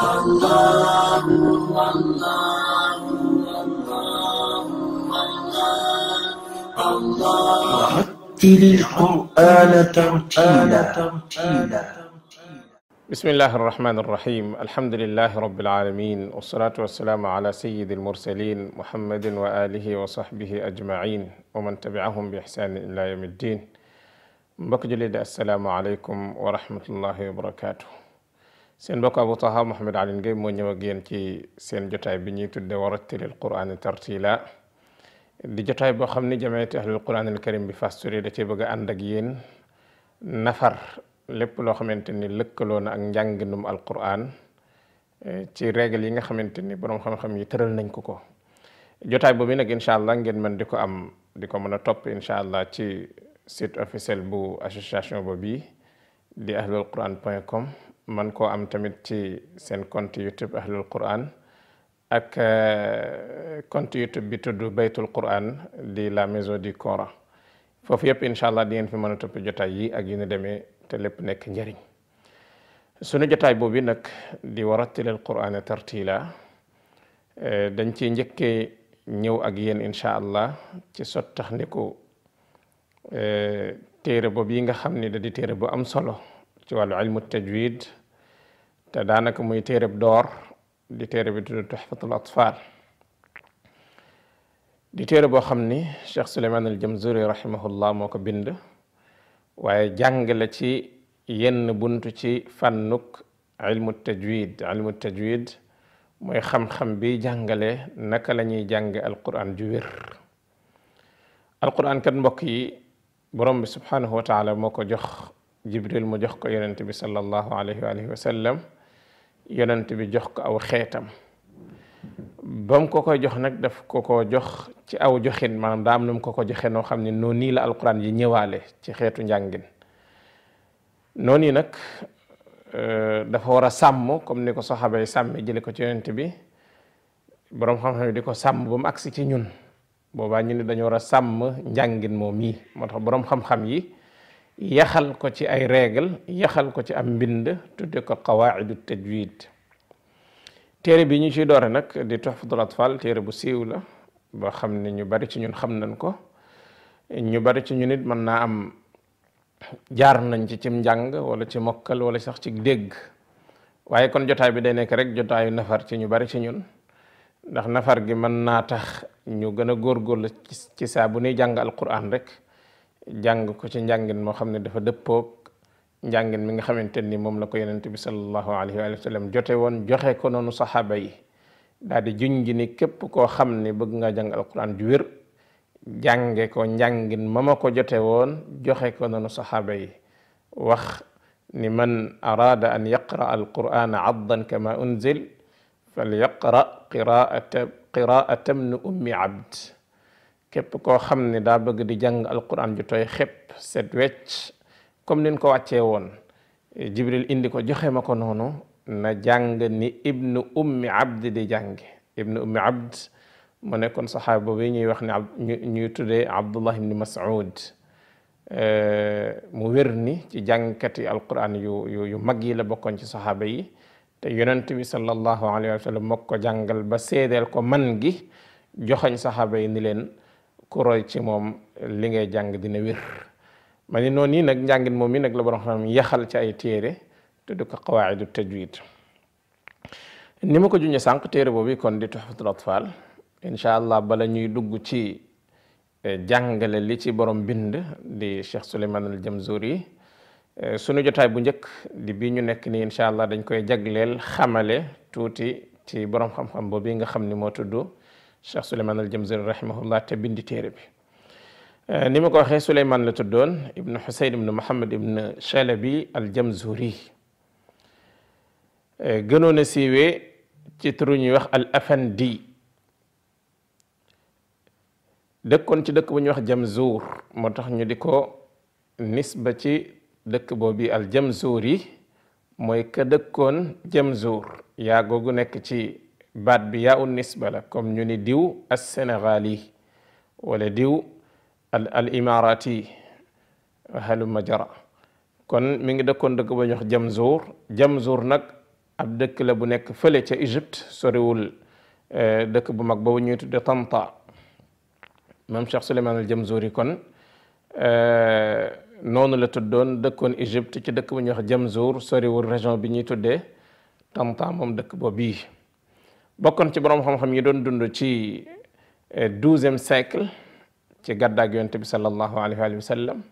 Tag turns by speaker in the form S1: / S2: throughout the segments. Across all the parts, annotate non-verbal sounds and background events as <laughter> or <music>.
S1: الله الله الله رتل القرآن ترتيلا بسم الله الرحمن الرحيم الحمد لله رب العالمين والصلاة والسلام على سيد المرسلين محمد وآله وصحبه أجمعين ومن تبعهم بإحسان إلى يوم الدين mbokk السلام عليكم ورحمة الله وبركاته seen mbokk Abou Taha Mouhamed Alioune Gueye moo ñëw ak yéen ci seen jotaay bi ñuy tudde warattilil qur'ana tartila di jotaay boo xam ni jamaati ahlul qur'an al karim bi Fass da cee bëgg a ak yéen nafar lépp loo xamante ni lëkkaloo na ak njànginum alquran eh, ci règle yi nga xamante ni boroom xam-xam yi tëral nañ ko ko jotaay boobu nag incha allah ngeen mën di ko am di ko mën a topp incha allah ci site officiel bu association boobu di ahlul quran point com man ko am tamit ci sen compte YouTube ahlul Quran ak compte YouTube bi tuddu baytul Quran di la maison du Coran fofu yep inshallah di ngeen fi meuna top jotay yi ak yu demé te lépp nek njariñ sunu jotay bobu nak di waratil Qur'ana tartila dañ ci ñëkke ñëw ak yéen inshallah ci sot taxniku euh téré bobu yi nga xamni da di téré bu am solo ci walu ilmu tajwid te daanaka muy téereb door di téere bi tudd tuxfatul atfal di téere boo xam ni Cheikh Suleymaan al Jamzuri rahimahullah moo ko bind waaye jàngale ci yenn buntu ci fànnuk ilmu tajwid ilmu tajwid mooy xam-xam bi jàngale naka la ñuy jàng alquran ju wér alquran kat mbokk yi borom bi subhanahu wa taala moo ko jox jibril mu jox ko yonente bi sallallahu alayhi wa alihi wa sallam yonent bi jox ko aw xeetam ba mu ko ko jox nag daf ko ko jox ci aw joxin maanaam daa am nu mu ko ko joxe noo xam ne noonu nii la alquran yi ñëwaale ci xeetu njàngin noonu yi nag euh, dafa war a sàmm comme ni ko saxaaba yi sàmmee jële ko ci yonent bi boroom xam-xam yi di ko sàmm ba mu agsi ci ñun boobaa ñu ne dañu war a sàmm njàngin moom yi moo tax boroom xam-xam yi yaxal ko ci ay règle yaxal ko ci am mbind tudde ko qawaidu tajwid téere bi ñu ciy doore nag di tuhfatul atfal téere bu siiw la boo xam ne ñu bari ci ñun xam nañ ko ñu bari ci ñun it mën naa am jaar nañ ci cim njàng wala ci mokkal wala sax ci dégg waaye kon jotaay bi day nekk rek jotaayu nafar ci ñu bari ci ñun ndax nafar gi mën naa tax ñu gën a góorgóorlu ci saa bu nuy jàng alquran rek jàng ko ci njàngin moo xam ne dafa dëppoog njàngin mi nga xamante ni moom la ko yonent bi sallallahu alayhi wa sallam jote woon joxe ko noonu saxaaba yi daal di juñ gi ni képp koo xam ne bëgg nga jàng alquran ju wér jànge ko njàngin ma ma ko jote woon joxe ko noonu saxaaba yi wax ni man araada an yaqra alqurana addan kama unzil falyaqra qiraata qiraatan min ummi abd képp koo xam ne daa bëgg di jàng alquran ju tooy xepp set wecc comme nin ko wàccee woon jibril indi ko joxe ma ko noonu na jàng ni ibnu ummi abd di jànge ibnu ummi abd mu nekkoon saxaaba boobu ñuy wax ne ñuy tuddee abdullah ibni mas'ud mu wér ni ci jàngkati alquran yu yu yu mag yi la bokkoon ci saxaaba yi te yonent bi sallallahu alayhi wa sallam moo ko jàngal ba seedeel ko man gi joxoñ saxaaba yi ni leen ku ci moom li ngay jàng dina wér ma ni noonu yi nag njàngin moom yi nag la borom xam yaxal ci ay téere tudd ko qawaidu tajwid ni ma ko junñe sànq téere boobu kon di tuhfatul atfal incha allah bala ñuy dugg ci eh, jàngale li ci borom bind di Cheikh Souleymane al Jamzuri eh, sunu jotaay bu njëkk di bii ñu nekk nii incha allah dañ koy jagleel xamale tuuti ci borom xam-xam boobu nga xam ni moo tudd cheikh Souleymane al jamzir rahimahullah te bindi téere bi ni ma ko waxee Souleymane la tuddoon ibnu Xuseyn ibnu Muhammad ibnu Chalabi al Jamzuri gënoon a siiwee ci turu ñuy wax al afandi dëkkoon ci dëkk bu ñuy wax Jamzur moo tax ñu di ko nisba ci dëkk boobu al Jamzuri mooy ka dëkkoon Jamzur yaa googu nekk ci. baat bi yaa un nisba la comme ñu ni diw as sénégali wala diw al al imarati halu majara kon mi ngi dëkkoon dëkk ba ñox Jamzur Jamzur nag ab dëkk la bu nekk fële ca Égypte soriwul dëkk bu mag boobu ñuy tudde Tanta maam Cheikh Souleymane al Jamzuri kon noonu la tuddoon dëkkoon Égypte ci dëkk bu ñuy wax Jamzur soriwul région bi ñuy tuddee Tanta moom dëkk boobu bii bokkoon ci borom xam-xam yi doon dund ci eh, douzième siècle ci gàddaag yonent bi sallallahu alayhi wa sallam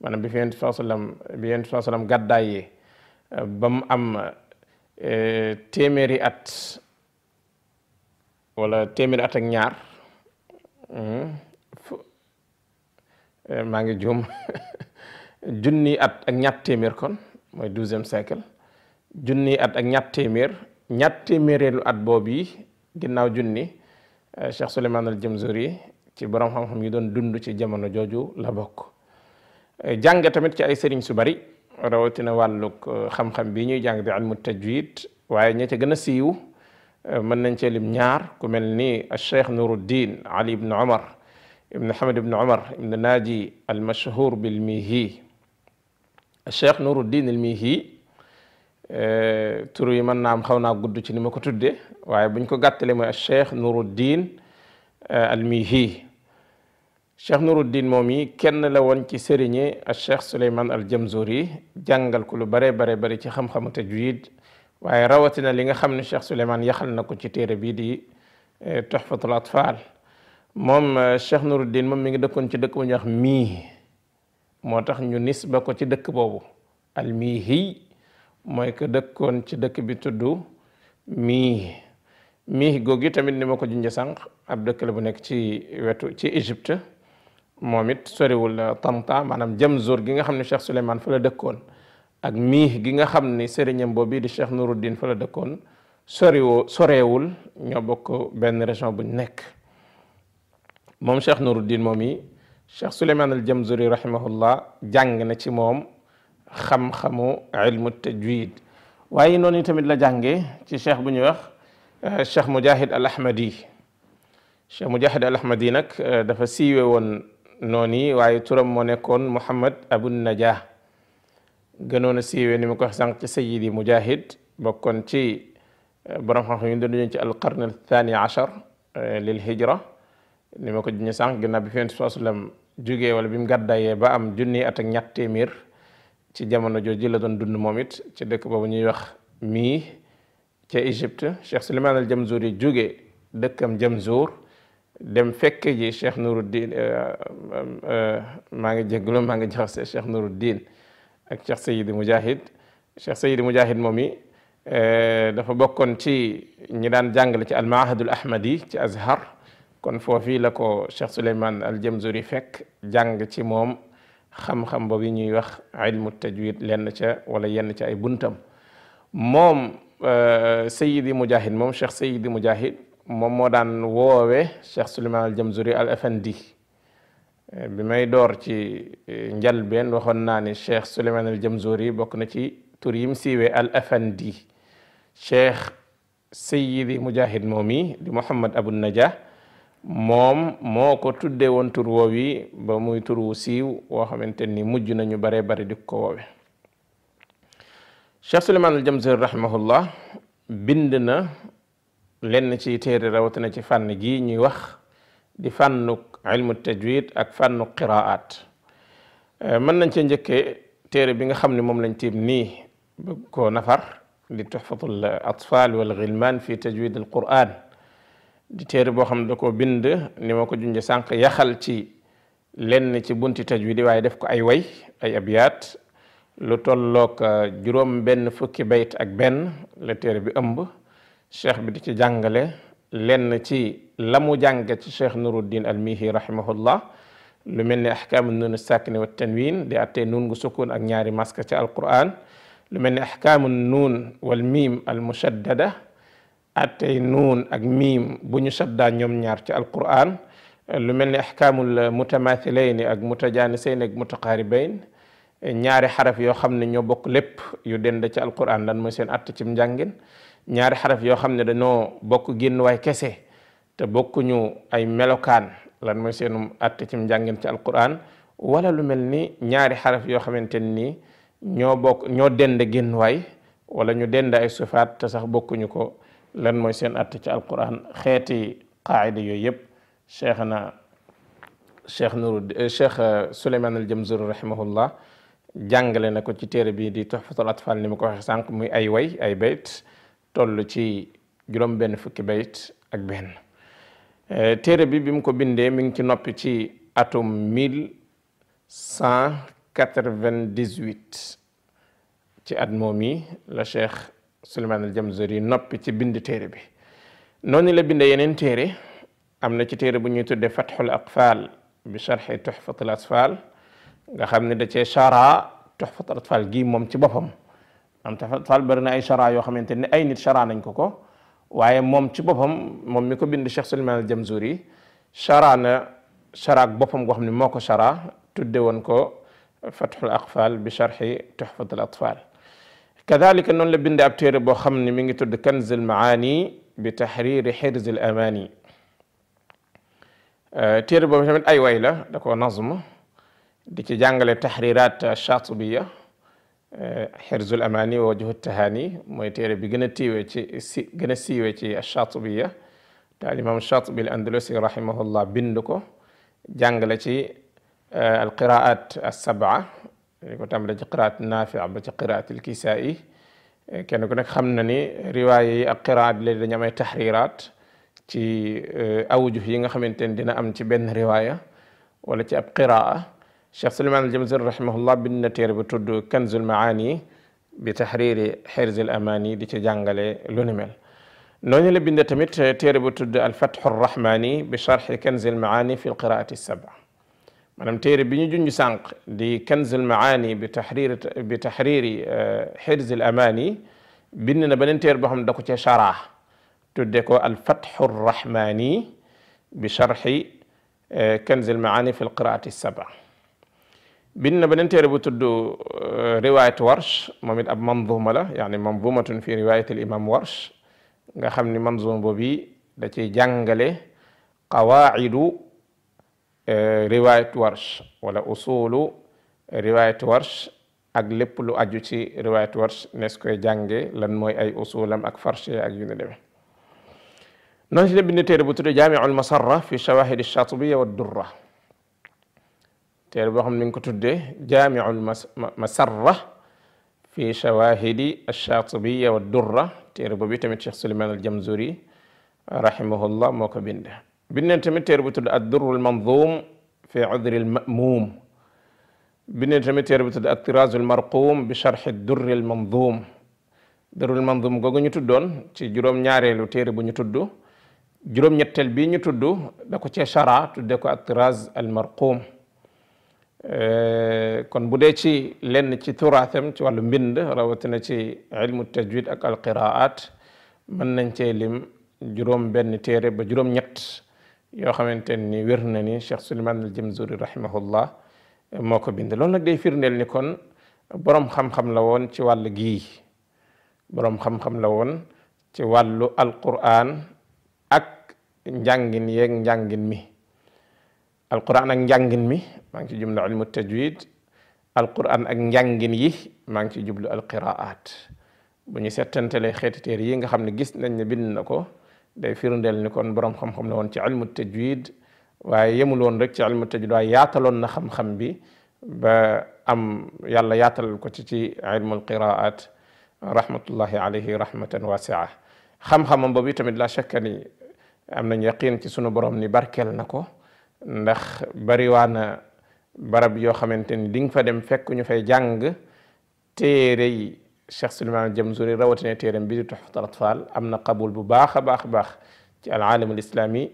S1: maanaam bi fi yonent bi sallam bi yonent bi sallam am eh, téeméeri at wala téeméeri at ak ñaar hmm, eh, maa ngi juum <laughs> junni at a ñatt téeméer kon mooy douzième siècle junni at ak ñatt téeméer ñatt mérélu at boobu yi ginnaaw junni Cheikh Souleymane al Jamzuri ci borom xam-xam yi doon dund ci jamono jooju la bokk jàng tamit ci ay sëriñ su bari rawatina wàllug xam-xam bi ñuy jàng di almu tajwid waaye ña ca gën a siiw mën nañ cee lim ñaar ku mel ni Cheikh Nuruddin Ali ibn Omar ibn Hamad ibn Omar ibn Naaji al mashhur bil mihi Cheikh Nuruddin al mihi Eh, tur yi mën naa am xaw naa gudd ci ni ma ko tuddee waaye bu buñ ko gàttalee mooy Cheikh Nuruddin eh, Almihi Cheikh din moom yi kenn la woon ci sëriñi Cheikh Souleymane Aljamzuri jàngal ko lu bare bare bari ci xam-xamu tajwid waaye rawatina li nga xam ne Cheikh Souleymane yaxal na ko ci téere bii di eh, Tuhfatul Atfal moom Cheikh din moom mi ngi dëkkoon ci dëkk bu ñuy wax mii moo tax ñu ko ci dëkk boobu mooy que dëkkoon ci dëkk bi tudd mii mii googi tamit ni ma ko junjee sànq ab dëkk la bu nekk ci wetu ci Égypte moom it soriwul euh, Tanta maanaam Jamzur gi nga xam ne Cheikh Souleymane fa la dëkkoon ak mii gi nga xam ni sëriñam boobu di Cheikh Nuruddin fa la dëkkoon soriwoo soreewul ñoo bokk benn région buñ nekk moom Cheikh Nuruddin moom yi Cheikh Souleymane al Jamzuri rahimahullah jàng na ci moom xam-xamu ilmu tajwid waaye noonu tamit la jànge ci cheikh bu ñuy wax cheikh mujahid al ahmadi cheikh mujahid al ahmadi nag dafa siiwe woon noonu waaye turam moo nekkoon muhammad abu najah gënoon a siiwe ni ma ko wax sànq ci sayidi mujahid bokkoon ci borom xam-xam yu dundu ci alqarn althani achar lil hijra ni ma ko juñu sànq ginnaaw bi fi yonent sallam jógee wala bi mu gàddayee ba am junni at ak ñett téeméer ci jamono joji la doon dund momit ci dëkk bobu ñuy wax mi ci Égypte Cheikh Souleymane al jamzouri yi jóge dëkkam Jamzour dem fekke ji Cheikh euh ma nga jéglu ma nga jox Cheikh Nuruddin ak Cheikh sayyid Mujahid Cheikh sayyid Mujahid momi i dafa bokkoon ci ñi daan jàngal ci al al ahmadi ci Azhar kon foofii la ko Cheikh Souleymane al jamzouri yi fekk jàng ci moom xam-xam boobu ñuy wax ilmu tajwid lenn ca wala yenn ca ay buntam moom sayidi mujahid moom cheikh sayidi mujahid moom moo daan woowe cheikh suleyman al jamzuri al afandi bi may door ci njalbeen waxoon naa ni cheikh suleyman al jamzuri bokk na ci tur yim siiwee al afandi cheikh sayidi mujahid moom yi di mouhamad abu naja moom moo ko tuddee woon tur woowi ba muy tur wu siiw woo xamante ni mujj nañu baree bari di ko woowe Cheikh Suleymaan al-Jamzuri rahimahullah bind na lenn ci téere rawatina ci fànn gi ñuy wax di fànnuk ilmu tajwid ak fànnuk qiraat mën nañ cee njëkkee téere bi nga xam ne moom lañ tiim nii bëgg koo nafar di tuxfatul atfal wal gilman fi tajwid al quran di téré bo xamne ne da koo bind ni mako ko junje sànq yaxal ci lenn ci bunti tajwid way def ko ay way ay abiyat lu tollok juróom benn fukki bayt ak benn le téré bi ëmb cheikh bi di ci jàngale lenn ci lamu jànge ci cheikh nuruddin almihi rahimahullah lu melni ahkam an nun as sakini wa at tanwin di attee nun gu sukun ak ñaari maska ci alquran lu melni ahkam an nun wal mim al mushaddada attey nuun ak miim bu ñu saddaa ñoom ñaar ci alquran lu mel ni ahkaamul mutamaathilayni ak mutajaanisayni ak mutaqaaribayn ñaari xaraf yoo xam ne ñoo bokk lépp yu dend ci alquran lan mooy seen att cim njàngin ñaari xaraf yoo xam ne dañoo bokk génn kese te bokkuñu ay melokaan lan mooy seenum att cim njàngin ci alquran wala lu mel ni ñaari xaraf yoo xamante ni ñoo bokk ñoo dend génn wala ñu dend ay sufaat te sax bokkuñu ko lan mooy seen att ci alquran xeeti qaacida yooyu yëpp cheikhna cheikh nuru cheikh suleyman al jamzuri rahimahullah jàngale na ko ci téere bi di tuhfatul atfal ni ma ko waxee sànq muy ay way ay bayt toll ci juróom benn fukki bayt ak benn téere bi bi mu ko bindee mi ngi ci noppi ci atum mille cent quatre-vingt-dix-huit ci at moom yi la cheikh Souleymane al-Jamzuri noppi ci bind téere bi noonu la binde yeneen téere am na ci téere bu ñuy tudde Fathul Aqfal bi sharhi Tuhfatul Asfal nga xam ne da cee chara Tuhfatul Asfal gi moom ci boppam am Tuhfatul Asfal bari na ay chara yoo xamante ne ay nit chara nañ ko ko waaye moom ci boppam moom mi ko bind Cheikh Souleymane al-Jamzuri chara na chara ak boppam goo xam ne moo ko chara tudde woon ko Fathul Aqfal bi sharhi Tuhfatul Atfal kadalika noonu la binde ab téere boo xam ne mi ngi tudd kanzul maani bi tahriri xirzil amani euh, téere boobu tamit ay way la da di ci jàngale tahrirat shatibiya xirzul euh, amani wa wajhu tahani mooy téere bi gën a tiiwe ci si gën a siiwe ci shatibiya te alimam shatibi al andalusi rahimahullah bind ko jàngale ci euh, alqiraat li ko tàmbalee ci qiraat naafi ba ci qiraatil kisaa'i kenn ku nekk xam na ni riwaaya yi ak qiraat léegi dañu amay taxriiraat euh, yi nga xamante ne dina am ci benn riwaaya wala ci ab qiraa Cheikh Souleymane al-Jamzuri rahimahullah bind na téere bu tudd Kanzul Maani bi taxriiri Hirzil Amaani di ci jàngale lu ni mel noonu tamit euh, téere bu tudd al-Fathu ar-Rahmaani bi sharhi Kanzil fi al-qiraati maanaam téere bi ñu junj sànq di kanzul maani bi taxrir bi taxriri xirzil eh, amaani bind na beneen téere boo xam ne da ko cee chara tudde ko al fatxu rrahmaani bi charxi eh, kanzul maani fi lqiraati saba bind na beneen téere bu tudd eh, riwayat warsh moom it ab manzuma la yaani manzumatun fi riwayat al imam warsh nga xam ni manzuma boobu da ciy jàngale Eh, riwaayat warsh wala usulu eh, riwaayat warsh ak lépp lu aju ci riwaayat warsh nees koy jànge lan mooy ay usulam ak farshe ak yu ne demee noonu ci la téere bu tudde jaamiul masarra fi shawahid ash-shatibiya wa durra téere boo xam ne mi ngi ko tuddee jaamiul masarra fi shawahidi ash-shatibiya wa durra téere boobu tamit Cheikh Suleiman al-Jamzuri rahimahullah biñ ne tamit téere bu tudd ad durrul manzum fi udril ma'mum biñ ne tamit téere bu tudd at tirazul marqum bi sharxi durril manzum durrul manzum googu ñu tuddoon ci juróom-ñaareelu téere bu ñu tudd juróom-ñetteel bii ñu tudd da ko cee shara tudde ko at tiraz al marqum kon bu dee ci lenn ci turaatam ci wàllu mbind rawatina ci ilmu tajwid ak alqiraat mën nañ cee lim juróom benn téere ba juróom-ñett yoo xamante ni wér na ni Cheikh Souleymane al Jamzuri rahimahullah moo ko bind loolu nag day firndeel ni kon boroom xam-xam la woon ci wàll gii boroom xam-xam la woon ci wàllu alquran ak njàngin yeeg njàngin mi alquran ak njàngin mi maa ngi ci jublu ilmu tajwid alquran ak njàngin yi maa ngi ci jublu alqiraat bu ñu settantelee xeeti yi nga xam ne gis nañ ne bind na ko day firndeel ni kon borom xam-xam la woon ci ilmu tajwid waaye yemul woon rek ci ilmu tajwid waaye yaataloon na xam-xam bi am yàlla yaatalal ko ci ci ilmul qiraat rahmatullahi alayhi rahmatan wasia tamit la shakka am nañ yaqin ci sunu borom ni barkeel na ko ndax bariwaana barab yoo xamante ni di fa dem fekk ñu fay jàng téere الشيخ سليمان الجمزوري روتنا تيرم بيجي تحفة الأطفال أمنا قبول بباخ باخ باخ العالم الإسلامي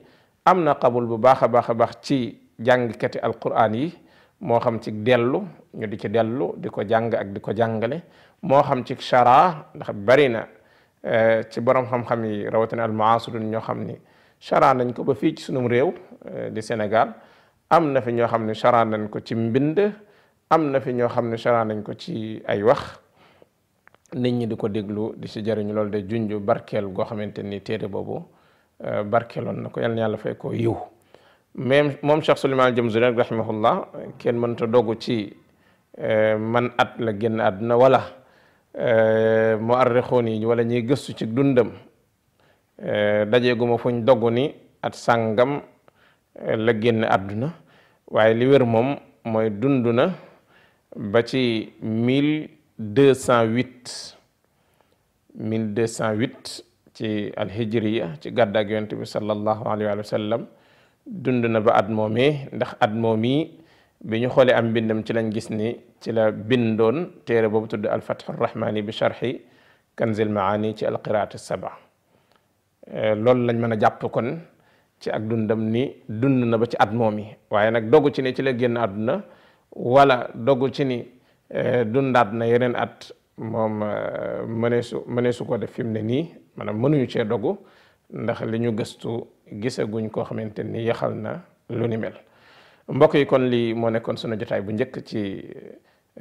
S1: أمنا قبول بباخ باخ باخ تي جانج كتي القرآن يي مو خم تيك ديالو نيو ديك ديالو ديكو جانج أك ديكو جانجلي مو خم تيك شارع برينا تي برام خم خمي روتنا المعاصر نيو خمني شارع نكو بفيج سنوم ريو دي سنغال أمنا في نيو خمني شارع نكو تي مبند أمنا في نيو خمني شارع نكو تي أي nit ñi di ko déglu di ci jariñu loolu de junj barkeel goo xamante ni téere boobu euh, barkeeloon na ko yal na yàlla fay ko yiw même moom Cheikh Souleymane Jamzuri nag rahimahullah kenn mënta dogg ci euh, man at la génn àdduna wala euh, mu arrixoon yi wala ñuy gëstu ci dundam dajeeguma fuñ dogg ni at sàngam la génn àdduna waaye li moom mooy dund ba ci mille 208 1208 ci alhijriya ci gàddaak yonent bi sallallahu alayhi wa sallam dund na ba at moomee ndax at moomii bi ñu xoolee am mbindam ci lañ gis ni ci la bindoon téere boobu tudd alfatxu rahmaani bi charxi kanzil maani ci alqiraatu saba eh, loolu lañ mën a jàpp kon ci ak dundam ni dund na ba ci at moomii waaye nag dogu ci ni ci la génn àdduna wala dogu ci ni Eh, dundaat na yeneen at moom eh, mëneesu mëneesu ko def fi mu ne nii maanaam mënuñu cee dogu ndax li ñu gëstu gisaguñ koo xamante ni yaxal na lu ni mel mbokk yi kon lii moo nekkoon sunu jotaay bu njëkk ci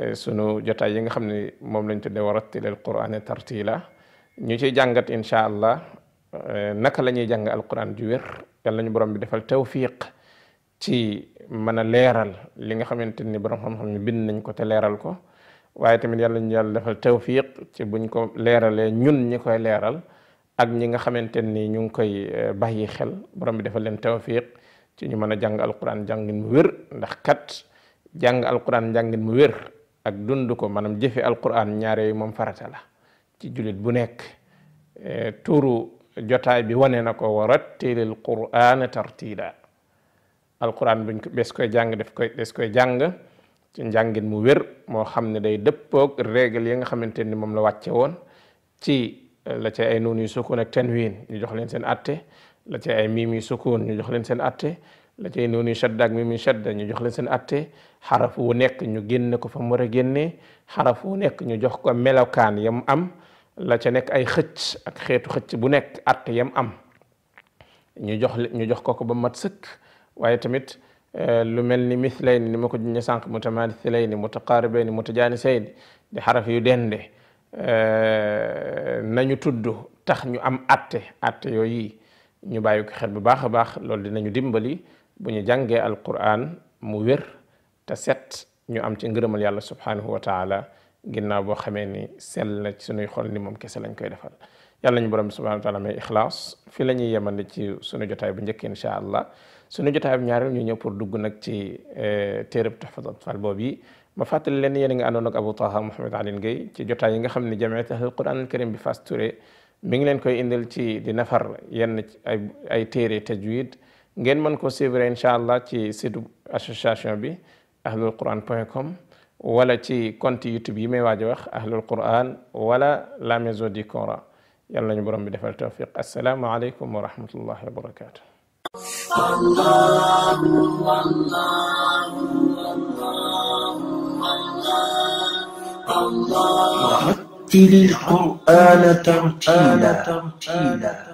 S1: eh, sunu jotaay yi nga xam ne moom lañ tuddee wa rattilil qur'aana tartiila ñu ciy jàngat incha allah naka la ñuy jàng alquran ju wér yàlla ñu borom bi defal tawfiq ci mën a leeral li nga xamante ni borom xam-xam ni bind nañ ko te leeral ko waaye tamit yàlla ñu yàlla defal tawfiq ci buñ ko leeralee ñun ñi koy leeral ak ñi nga xamante ni ñu ngi koy eh, bàyyi xel borom bi defal leen tawfiq ci ñu mën a jàng alquran jàngin mu wér ndax kat jàng alquran jàngin mu wér ak dund ko maanaam jëfe alquran ñaare yi moom farata la ci julit bu nekk eh, tuuru jotaay bi wane na ko wa rattilil qur'ana tartila alquran buñ ko bes koy jàng def koy des koy jàng ci njàngin mu wér moo xam ne day dëppoog règle yi nga xamante ni moom la wàcce woon ci eh, la ca ay nuun yu sukkoon ak tanwiin ñu jox leen seen atte la ca ay miim yu sukkoon ñu leen seen atte la ca ay nuun yu shadda ak miim jox leen seen atte nekk ñu génne ko fa mu war a génne xaraf wu nekk ñu jox ko melokaan yam am la ca nekk ay xëcc ak xeetu xëcc bu nekk atte yam am ñu jox ñu jox ko ko ba mat sëkk waye tamit lu melni ni ni mako ko sank sànq mutamathilay ni mutaqaaribayni mutajanisayni di xaraf yu dende nañu tuddu tax ñu am atte atte yoy yi ñu bayu ko xel bu baax a baax loolu dinañu dimbali bu ñu jange alquran mu wér ta set ñu am ci ngeureumal yàlla subhanahu wa taala ginnaaw bo xamé ni sel na ci sunuy xol ni mom kess lañ koy defal yàlla ñu borom subhanahu wa taala may ikhlas fi lañuy yemal ci sunu jotaay bu njëkk incha allah suñu jotaayam ñaaral ñu ñëw pour dugg nak ci euh téereb Tuhfat Atfal bobu ma fàttali leen yéen nga andon ak Abou Taha mohammed ali ngay ci jotaay yi nga xamni jamiat al Quran al Karim bi fas Touré mi ngi leen koy indil ci di nafar yenn ay ay téré tajwid ngeen man ko suivre inshallah ci site association bi ahlul quran point wala ci compte youtube yi may waji a wax ahlul quran wala la maison du coran yàlla nañu borom bi defal tawfiq assalaamu aleykum wa rahmatullahi wa barakatuh الله الله الله الله رتل القرآن ترتيلا